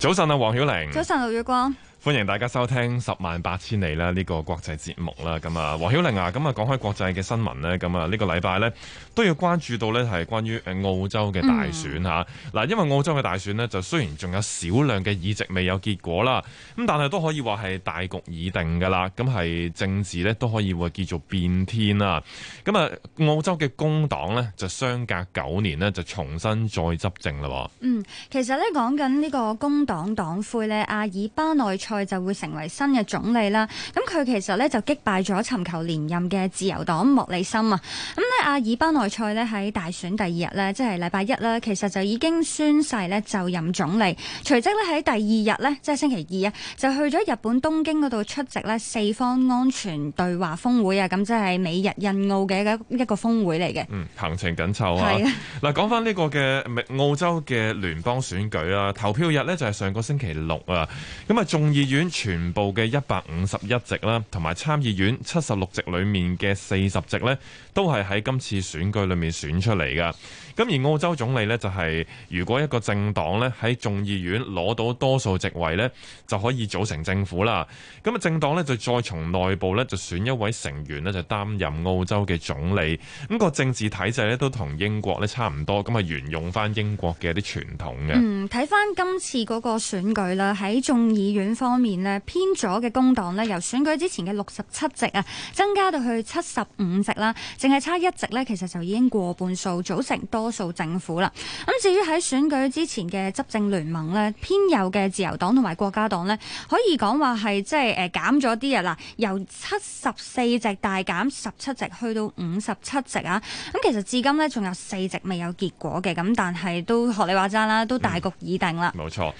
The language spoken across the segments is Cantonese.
早晨啊，黃曉玲早。早晨，劉月光。歡迎大家收聽十萬八千里啦，呢個國際節目啦。咁啊，黃曉玲啊，咁啊講開國際嘅新聞咧，咁啊呢個禮拜咧都要關注到咧係關於誒澳洲嘅大選吓。嗱、嗯，因為澳洲嘅大選咧，就雖然仲有少量嘅議席未有結果啦，咁但係都可以話係大局已定噶啦。咁係政治咧都可以話叫做變天啦。咁啊，澳洲嘅工黨咧就相隔九年咧就重新再執政嘞，嗯，其實咧講緊呢個工黨黨魁咧，阿爾巴內。佢就會成為新嘅總理啦。咁佢其實咧就擊敗咗尋求連任嘅自由黨莫里森啊。咁咧，阿爾巴內塞咧喺大選第二日咧，即係禮拜一咧，其實就已經宣誓咧就任總理。隨即咧喺第二日咧，即係星期二啊，就去咗日本東京嗰度出席咧四方安全對話峰會啊。咁即係美日印澳嘅一一個峰會嚟嘅。嗯，行程緊湊啊。係啊。嗱，講翻呢個嘅澳洲嘅聯邦選舉啊，投票日咧就係上個星期六啊。咁啊，仲議院全部嘅一百五十一席啦，同埋參議院七十六席裏面嘅四十席咧，都係喺今次選舉裏面選出嚟嘅。咁而澳洲總理咧就係如果一個政黨咧喺眾議院攞到多數席位咧，就可以組成政府啦。咁啊，政黨咧就再從內部咧就選一位成員咧就擔任澳洲嘅總理。咁個政治體制咧都同英國咧差唔多，咁啊沿用翻英國嘅啲傳統嘅。嗯，睇翻今次嗰個選舉啦，喺眾議院方方面咧，偏左嘅工黨咧，由選舉之前嘅六十七席啊，增加到去七十五席啦，淨係差一席咧，其實就已經過半數組成多數政府啦。咁至於喺選舉之前嘅執政聯盟咧，偏右嘅自由黨同埋國家黨咧，可以講話係即係誒減咗啲嘅啦，由七十四席大減十七席去到五十七席啊。咁其實至今咧仲有四席未有結果嘅，咁但係都學你話齋啦，都大局已定啦。冇錯，嗯，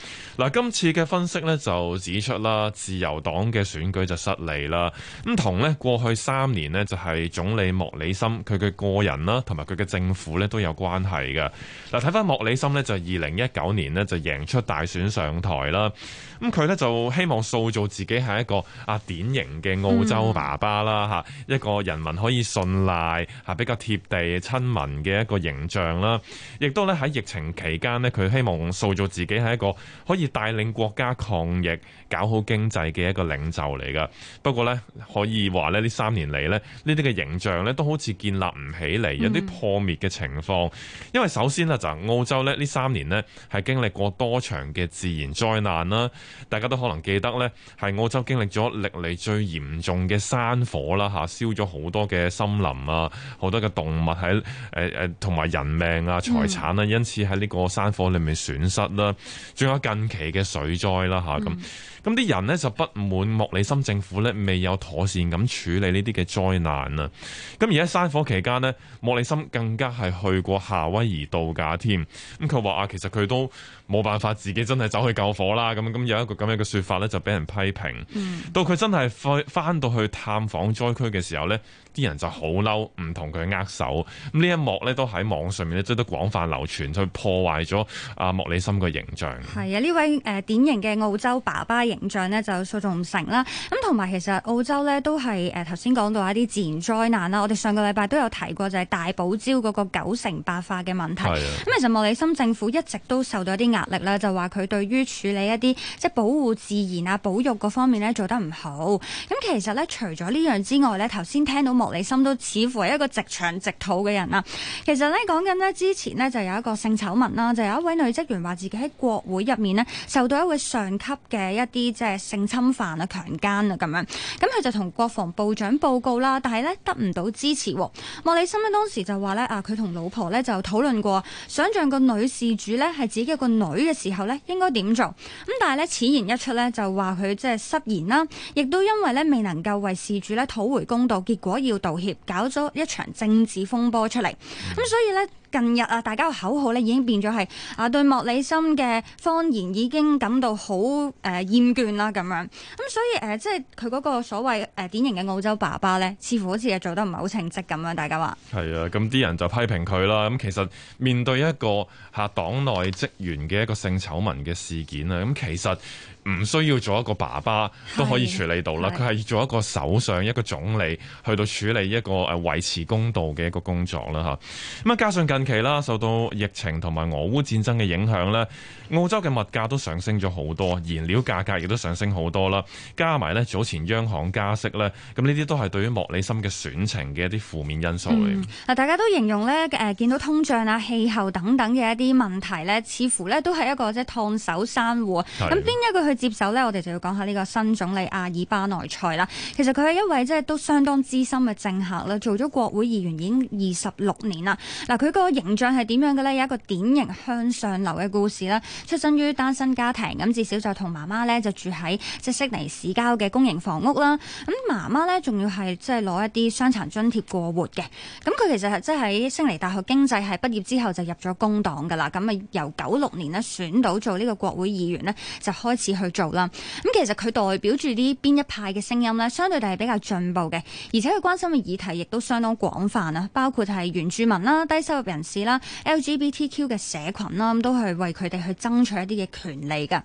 嗱，今次嘅分析咧就指出啦，自由黨嘅選舉就失利啦。咁同咧過去三年呢，就係總理莫里森佢嘅個人啦，同埋佢嘅政府咧都有關係嘅。嗱，睇翻莫里森呢，就二零一九年呢，就贏出大選上台啦。咁佢呢，就希望塑造自己係一個啊典型嘅澳洲爸爸啦吓，嗯、一個人民可以信賴吓比較貼地親民嘅一個形象啦。亦都呢，喺疫情期間呢，佢希望塑造自己係一個可以帶領國家抗疫，搞好經濟嘅一個領袖嚟㗎，不過呢，可以話呢呢三年嚟呢，呢啲嘅形象呢都好似建立唔起嚟，有啲破滅嘅情況。嗯、因為首先呢，就是、澳洲呢，呢三年呢係經歷過多場嘅自然災難啦，大家都可能記得呢，係澳洲經歷咗歷嚟最嚴重嘅山火啦嚇，燒咗好多嘅森林啊，好多嘅動物喺誒誒同埋人命啊財產啊，因此喺呢個山火裏面損失啦，仲有近期嘅水災啦嚇咁。啊嗯嗯咁啲人咧就不滿莫里森政府咧未有妥善咁處理呢啲嘅災難啊！咁而家山火期間咧，莫里森更加係去過夏威夷度假添。咁佢話啊，其實佢都冇辦法自己真係走去救火啦。咁咁有一個咁樣嘅說法咧，就俾人批評。嗯。到佢真係翻翻到去探訪災區嘅時候咧，啲人就好嬲，唔同佢握手。咁呢一幕咧都喺網上面咧都都廣泛流傳去破壞咗阿莫里森嘅形象。係啊，呢位誒、呃、典型嘅澳洲爸爸。形象呢就有訴訟成啦，咁同埋其實澳洲呢都係誒頭先講到一啲自然災難啦。我哋上個禮拜都有提過就係、是、大堡礁嗰個九成白化嘅問題。咁的其實莫里森政府一直都受到一啲壓力啦，就話佢對於處理一啲即係保護自然啊、保育嗰方面呢做得唔好。咁其實呢，除咗呢樣之外呢，頭先聽到莫里森都似乎係一個直腸直肚嘅人啦。其實呢，講緊呢之前呢，就有一個性醜聞啦，就有一位女職員話自己喺國會入面呢，受到一位上級嘅一啲。啲即係性侵犯啊、強姦啊咁樣，咁佢就同國防部長報告啦，但係呢，得唔到支持。莫里森咧當時就話呢啊，佢同老婆呢，就討論過，想象個女事主呢係自己個女嘅時候呢，應該點做，咁但係呢，此言一出呢，就話佢即係失言啦，亦都因為呢，未能夠為事主呢討回公道，結果要道歉，搞咗一場政治風波出嚟，咁所以呢。近日啊，大家嘅口號咧已經變咗係啊，對莫里森嘅謊言已經感到好誒、呃、厭倦啦咁樣。咁、嗯、所以誒、呃，即係佢嗰個所謂誒、呃、典型嘅澳洲爸爸咧，似乎好似係做得唔係好稱職咁樣，大家話？係啊，咁啲人就批評佢啦。咁其實面對一個下黨內職員嘅一個性醜聞嘅事件啊，咁其實。唔需要做一個爸爸都可以處理到啦，佢係是做一個首相、一個總理，去到處理一個誒維持公道嘅一個工作啦嚇。咁啊，加上近期啦，受到疫情同埋俄烏戰爭嘅影響咧，澳洲嘅物價都上升咗好多，燃料價格亦都上升好多啦。加埋呢，早前央行加息呢，咁呢啲都係對於莫里森嘅選情嘅一啲負面因素嚟。嗱、嗯，大家都形容呢，誒、呃、見到通脹啊、氣候等等嘅一啲問題呢，似乎呢都係一個即係燙手山芋。咁邊是一個去？接手呢，我哋就要講下呢個新總理阿爾巴內塞啦。其實佢係一位即係、就是、都相當資深嘅政客啦，做咗國會議員已經二十六年啦。嗱，佢個形象係點樣嘅呢？有一個典型向上流嘅故事啦。出身於單身家庭，咁、嗯、至少就同媽媽呢就住喺即悉尼市郊嘅公營房屋啦。咁媽媽呢仲要係即係攞一啲傷殘津貼過活嘅。咁、嗯、佢其實係即係喺悉尼大學經濟系畢業之後就入咗工黨㗎啦。咁、嗯、啊由九六年呢選到做呢個國會議員呢，就開始去。做啦，咁其實佢代表住啲邊一派嘅聲音呢，相對地係比較進步嘅，而且佢關心嘅議題亦都相當廣泛啦，包括係原住民啦、低收入人士啦、LGBTQ 嘅社群啦，都係為佢哋去爭取一啲嘅權利噶。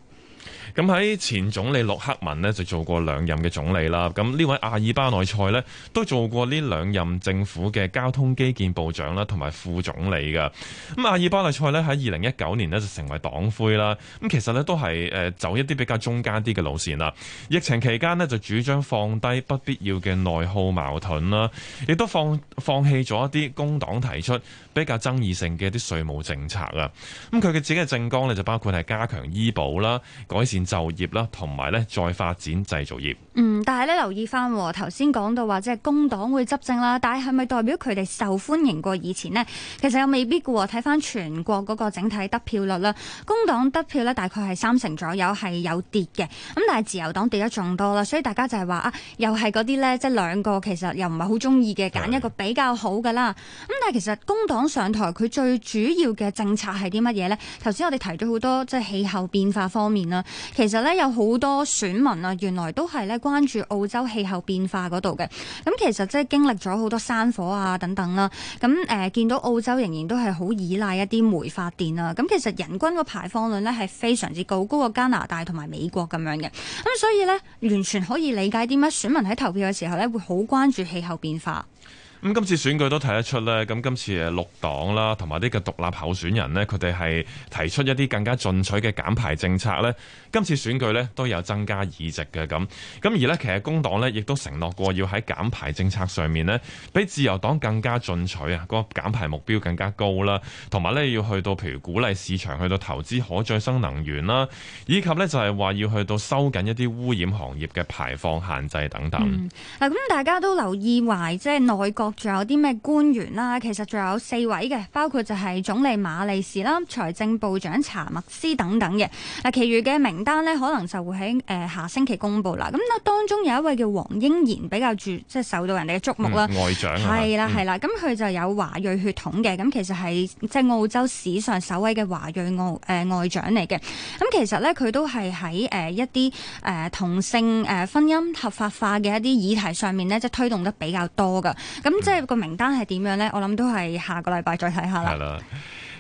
咁喺前總理陸克文呢，就做過兩任嘅總理啦。咁呢位阿爾巴內塞呢，都做過呢兩任政府嘅交通基建部長啦，同埋副總理㗎。咁阿爾巴內塞呢，喺二零一九年呢，就成為黨魁啦。咁其實呢，都係誒走一啲比較中間啲嘅路線啦。疫情期間呢，就主張放低不必要嘅內耗矛盾啦，亦都放放棄咗一啲工黨提出比較爭議性嘅一啲稅務政策啊。咁佢嘅自己嘅政綱呢，就包括係加強醫保啦，改善，建就業啦，同埋咧再發展製造業。嗯，但係咧留意翻，頭先講到話即係工黨會執政啦，但係係咪代表佢哋受歡迎過以前呢？其實又未必嘅喎。睇翻全國嗰個整體得票率啦，工黨得票咧大概係三成左右，係有跌嘅。咁但係自由黨跌得仲多啦，所以大家就係話啊，又係嗰啲咧即係兩個其實又唔係好中意嘅，揀一個比較好嘅啦。咁對 但係其實工黨上台佢最主要嘅政策係啲乜嘢呢？頭先我哋提咗好多即係氣候變化方面啦。其實咧有好多選民啊，原來都係咧關注澳洲氣候變化嗰度嘅。咁其實即係經歷咗好多山火啊等等啦。咁誒見到澳洲仍然都係好依賴一啲煤發電啊。咁其實人均個排放量咧係非常之高，高過加拿大同埋美國咁樣嘅。咁所以咧完全可以理解點解選民喺投票嘅時候咧會好關注氣候變化。咁今次選舉都睇得出咧，咁今次誒綠黨啦，同埋呢個獨立候選人呢，佢哋係提出一啲更加進取嘅減排政策呢，今次選舉呢都有增加議席嘅咁。咁而呢，其實工黨呢亦都承諾過要喺減排政策上面呢，比自由黨更加進取啊，個減排目標更加高啦，同埋呢要去到譬如鼓勵市場去到投資可再生能源啦，以及呢就係話要去到收緊一啲污染行業嘅排放限制等等。嗱、嗯，咁大家都留意埋即係內閣。仲有啲咩官員啦？其實仲有四位嘅，包括就係總理馬利士啦、財政部長查麥斯等等嘅。嗱，其餘嘅名單呢，可能就會喺誒、呃、下星期公布啦。咁咧，當中有一位叫黃英賢，比較注即係受到人哋嘅注目啦。外長啊，係啦係啦，咁佢、嗯、就有華裔血統嘅，咁其實係即係澳洲史上首位嘅華裔外誒、呃、外長嚟嘅。咁其實呢，佢都係喺誒一啲誒、呃、同性誒婚姻合法化嘅一啲議題上面呢，即係推動得比較多嘅。咁、嗯即係個名單係點樣呢？我諗都係下個禮拜再睇下啦。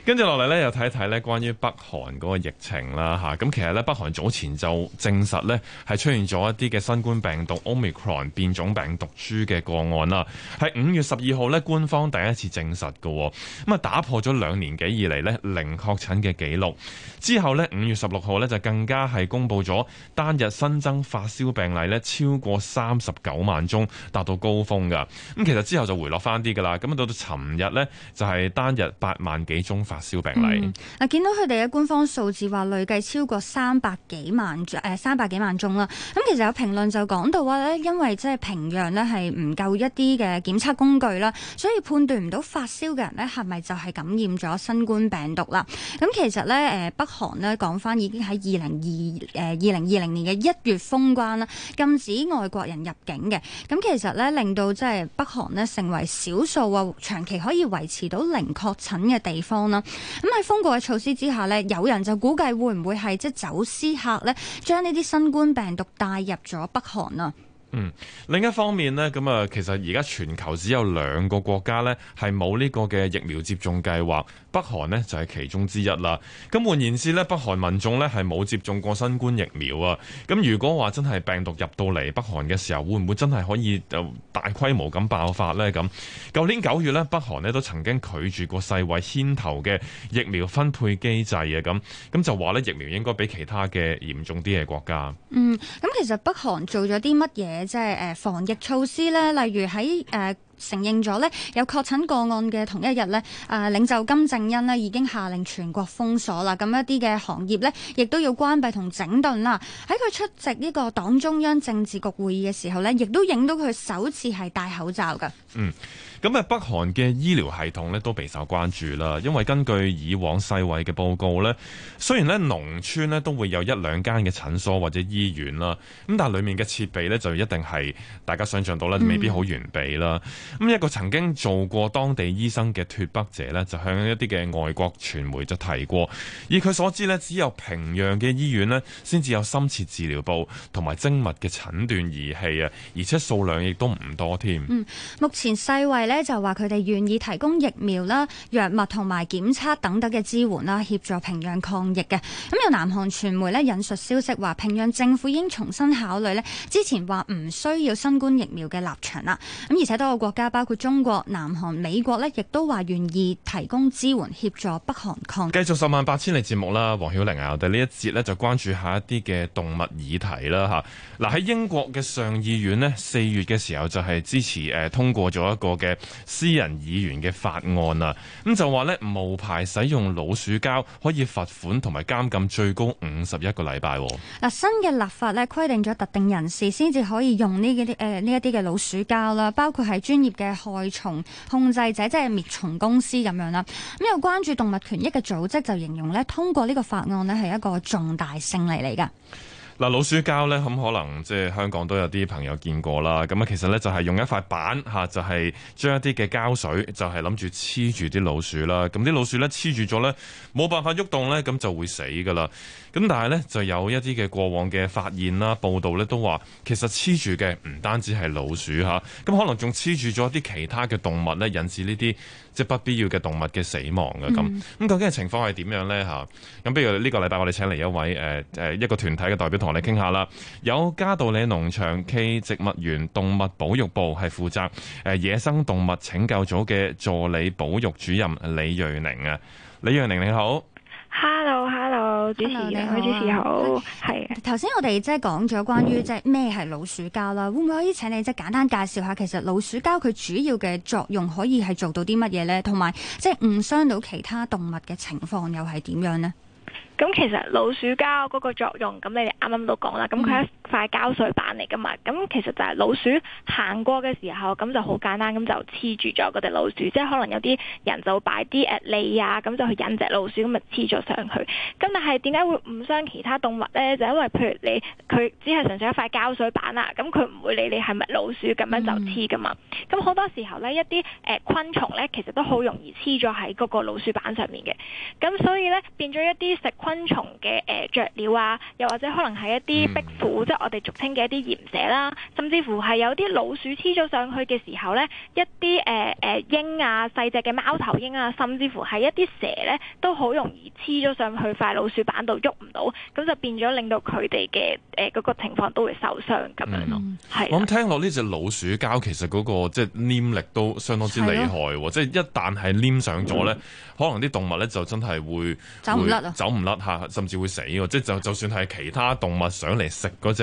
跟住落嚟咧，又睇一睇咧關於北韓嗰個疫情啦吓，咁其實咧，北韓早前就證實咧係出現咗一啲嘅新冠病毒 Omicron 變種病毒株嘅個案啦。係五月十二號咧，官方第一次證實嘅，咁啊打破咗兩年幾以嚟咧零確診嘅記錄。之後咧，五月十六號咧就更加係公布咗單日新增發燒病例咧超過三十九萬宗，達到高峰噶。咁其實之後就回落翻啲噶啦。咁啊到到尋日咧就係單日八萬幾宗。發燒病例，嗱、嗯，見到佢哋嘅官方數字話累計超過三百幾萬，誒三百幾萬宗啦。咁其實有評論就講到話咧，因為即係平壤咧係唔夠一啲嘅檢測工具啦，所以判斷唔到發燒嘅人咧係咪就係感染咗新冠病毒啦。咁其實咧誒北韓咧講返已經喺二零二誒二零二零年嘅一月封關啦，禁止外國人入境嘅。咁其實咧令到即係北韓咧成為少數啊長期可以維持到零確診嘅地方啦。咁喺封國嘅措施之下咧，有人就估計會唔會係即走私客咧，將呢啲新冠病毒帶入咗北韓啊？嗯，另一方面呢，咁啊，其實而家全球只有兩個國家呢，係冇呢個嘅疫苗接種計劃，北韓呢就係其中之一啦。咁換言之呢，北韓民眾呢，係冇接種過新冠疫苗啊。咁如果話真係病毒入到嚟北韓嘅時候，會唔會真係可以大規模咁爆發呢？咁，舊年九月呢，北韓呢都曾經拒絕過世衛牽頭嘅疫苗分配機制啊。咁咁就話呢，疫苗應該俾其他嘅嚴重啲嘅國家。嗯，咁其實北韓做咗啲乜嘢？即係誒，防疫措施咧，例如喺誒。呃承認咗呢有確診個案嘅同一日呢，啊領袖金正恩呢已經下令全國封鎖啦，咁一啲嘅行業呢，亦都要關閉同整頓啦。喺佢出席呢個黨中央政治局會議嘅時候呢，亦都影到佢首次係戴口罩嘅。嗯，咁啊，北韓嘅醫療系統呢，都備受關注啦，因為根據以往世衞嘅報告呢，雖然呢農村呢都會有一兩間嘅診所或者醫院啦，咁但係裡面嘅設備呢，就一定係大家想像到呢，未必好完備啦。嗯咁一個曾經做過當地醫生嘅脫北者呢就向一啲嘅外國傳媒就提過，以佢所知呢，只有平壤嘅醫院呢先至有深切治療部同埋精密嘅診斷儀器啊，而且數量亦都唔多添。嗯，目前世衛呢就話佢哋願意提供疫苗啦、藥物同埋檢測等等嘅支援啦，協助平壤抗疫嘅。咁有南韓傳媒咧引述消息話，平壤政府已經重新考慮咧之前話唔需要新冠疫苗嘅立場啦。咁而且多個國家包括中國、南韓、美國咧，亦都話願意提供支援，協助北韓抗疫。繼續十萬八千里節目啦，黃曉玲啊，我哋呢一節呢，就關注下一啲嘅動物議題啦吓。嗱、啊、喺英國嘅上議院呢，四月嘅時候就係支持誒、呃、通過咗一個嘅私人議員嘅法案啊，咁就話呢，無牌使用老鼠膠可以罰款同埋監禁最高五十一個禮拜、啊。嗱、啊，新嘅立法呢，規定咗特定人士先至可以用呢啲誒呢一啲嘅老鼠膠啦，包括係專業嘅害蟲控制者即係滅蟲公司咁樣啦，咁有關注動物權益嘅組織就形容咧，通過呢個法案咧係一個重大勝利嚟噶。嗱老鼠膠呢，咁可能即係香港都有啲朋友見過啦，咁啊其實呢，就係用一塊板吓，就係將一啲嘅膠水就係諗住黐住啲老鼠啦，咁啲老鼠呢，黐住咗呢，冇辦法喐動呢，咁就會死㗎喇。咁但係呢，就有一啲嘅過往嘅發現啦，報道呢，都話其實黐住嘅唔單止係老鼠吓，咁可能仲黐住咗一啲其他嘅動物呢，引致呢啲。即係不必要嘅動物嘅死亡嘅咁，咁、嗯、究竟嘅情況係點樣咧吓，咁不如呢個禮拜我哋請嚟一位誒誒、呃、一個團體嘅代表同我哋傾下啦。有嘉道理農場暨植物園動物保育部係負責誒野生動物拯救組嘅助理保育主任李睿寧啊，李睿寧你好。hello。Hello，好啊，主持好。係頭先我哋即係講咗關於即係咩係老鼠膠啦，會唔會可以請你即係簡單介紹下，其實老鼠膠佢主要嘅作用可以係做到啲乜嘢咧？同埋即係誤傷到其他動物嘅情況又係點樣咧？咁其實老鼠膠嗰個作用，咁你哋啱啱都講啦，咁佢喺。塊膠水板嚟噶嘛？咁其實就係老鼠行過嘅時候，咁就好簡單咁就黐住咗嗰隻老鼠。即係可能有啲人就擺啲誒餌啊，咁就去引隻老鼠，咁咪黐咗上去。咁但係點解會誤傷其他動物呢？就因為譬如你佢只係純粹一塊膠水板啦，咁佢唔會理你係咪老鼠咁樣就黐噶嘛。咁好多時候呢，一啲誒昆蟲呢，其實都好容易黐咗喺嗰個老鼠板上面嘅。咁所以呢，變咗一啲食昆蟲嘅誒雀鳥啊，又或者可能係一啲壁虎。我哋俗稱嘅一啲檐蛇啦，甚至乎係有啲老鼠黐咗上去嘅時候咧，一啲誒誒鷹啊、細隻嘅貓頭鷹啊，甚至乎係一啲蛇咧，都好容易黐咗上去塊老鼠板度喐唔到，咁就變咗令到佢哋嘅誒個情況都會受傷咁、嗯、樣。係，我、嗯、聽落呢隻老鼠膠其實嗰個即係黏力，都相當之厲害，的即係一旦係黏上咗咧，嗯、可能啲動物咧就真係會走唔甩走唔甩吓，甚至會死。即係就就算係其他動物上嚟食嗰隻。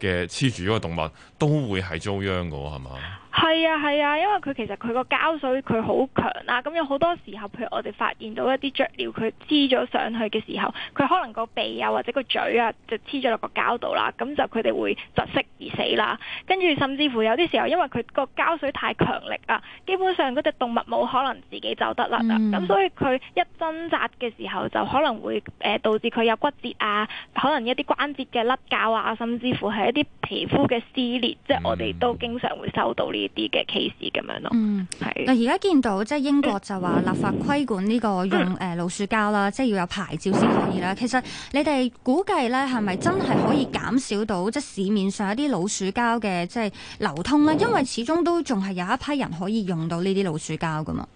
嘅黐住嗰個動物都會係遭殃嘅，係嘛？係啊係啊，因為佢其實佢個膠水佢好強啊，咁有好多時候，譬如我哋發現到一啲雀鳥佢黐咗上去嘅時候，佢可能個鼻啊或者個嘴啊就黐咗落個膠度啦，咁就佢哋會窒息而死啦，啊。跟住甚至乎有啲時候，因為佢個膠水太強力啊，基本上嗰隻動物冇可能自己走得甩啦，啊，咁，嗯、所以佢一掙扎嘅時候就可能會誒導致佢有骨折啊，可能一啲關節嘅甩骹啊，甚至乎係。一啲皮膚嘅撕裂，即係我哋都經常會收到呢啲嘅 case 咁樣咯。嗯，係。嗱，而家見到即係英國就話立法規管呢個用誒老鼠膠啦，嗯、即係要有牌照先可以啦。其實你哋估計咧，係咪真係可以減少到即係市面上一啲老鼠膠嘅即係流通咧？因為始終都仲係有一批人可以用到呢啲老鼠膠㗎嘛。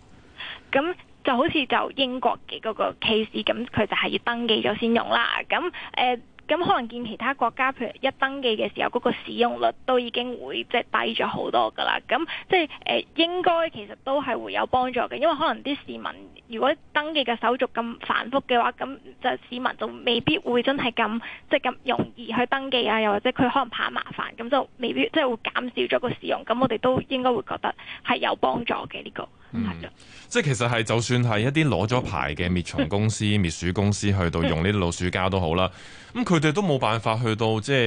咁、嗯、就好似就英國嘅嗰個 case，咁佢就係要登記咗先用啦。咁誒。呃咁可能見其他國家譬如一登記嘅時候，嗰個使用率都已經會即係低咗好多噶啦。咁即係誒應該其實都係會有幫助嘅，因為可能啲市民如果登記嘅手續咁繁複嘅話，咁就市民就未必會真係咁即係咁容易去登記啊，又或者佢可能怕麻煩，咁就未必即係會減少咗個使用。咁我哋都應該會覺得係有幫助嘅呢個。嗯，即係其實係，就算係一啲攞咗牌嘅滅蟲公司、滅鼠 公司去到用呢啲老鼠膠都好啦。咁佢哋都冇辦法去到即係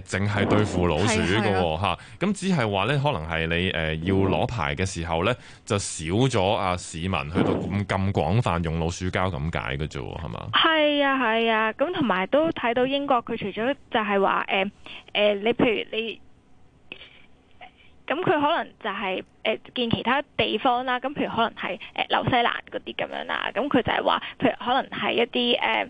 誒，淨、呃、係對付老鼠嘅吓、哦。咁、 啊啊、只係話呢，可能係你誒要攞牌嘅時候呢，就少咗啊市民去到咁咁廣泛用老鼠膠咁解嘅啫，係嘛？係啊，係啊。咁同埋都睇到英國佢除咗就係話誒誒，你、呃呃呃、譬如你。咁佢可能就係、是、誒、呃、見其他地方啦，咁譬如可能係誒紐西蘭嗰啲咁樣啦，咁佢就係話，譬如可能係一啲誒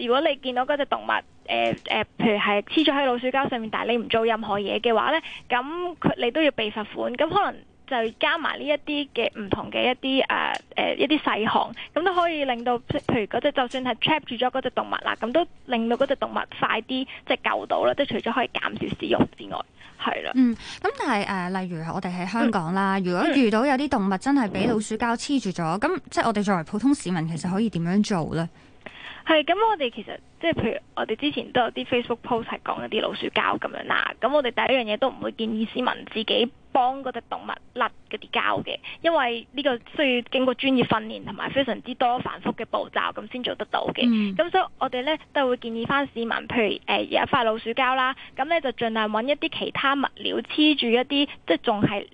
誒，如果你見到嗰隻動物誒誒、呃呃，譬如係黐咗喺老鼠膠上面，但係你唔做任何嘢嘅話咧，咁佢你都要被罰款，咁可能。就加埋呢一啲嘅唔同嘅一啲誒誒一啲細項，咁都可以令到譬如嗰隻就算係 trap 住咗嗰隻動物啦，咁都令到嗰隻動物快啲即係救到啦。即係除咗可以減少使用之外，係啦。嗯，咁但係誒、呃，例如我哋喺香港啦，嗯、如果遇到有啲動物真係俾老鼠膠黐住咗，咁、嗯、即係我哋作為普通市民，其實可以點樣做咧？係，咁我哋其實即係譬如我哋之前都有啲 Facebook post 係講一啲老鼠膠咁樣啦，咁我哋第一樣嘢都唔會建議市民自己。幫嗰隻動物甩嗰啲膠嘅，因為呢個需要經過專業訓練同埋非常之多繁複嘅步驟，咁先做得到嘅。咁、嗯、所以我哋呢，都會建議翻市民，譬如有一塊老鼠膠啦，咁咧就盡量揾一啲其他物料黐住一啲，即、就、係、是、仲係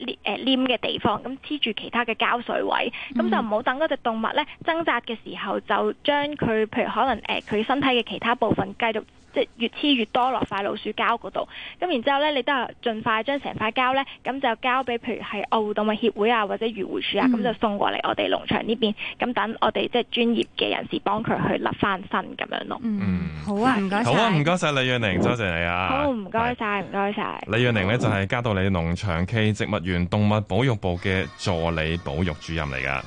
黏嘅地方，咁黐住其他嘅膠水位，咁、嗯、就唔好等嗰隻動物呢，掙扎嘅時候就，就將佢譬如可能誒佢身體嘅其他部分繼續。即係越黐越多落塊老鼠膠嗰度，咁然之後咧，你都係盡快將成塊膠咧，咁就交俾譬如係愛護動物協會啊，或者漁護署啊，咁、嗯、就送過嚟我哋農場呢邊，咁等我哋即係專業嘅人士幫佢去立翻身咁樣咯。嗯，嗯好啊，唔該、嗯。謝謝好啊，唔該晒李睿寧，多謝你啊。好，唔該晒，唔該晒。李睿寧咧就係嘉道理農場暨植物園動物保育部嘅助理保育主任嚟噶。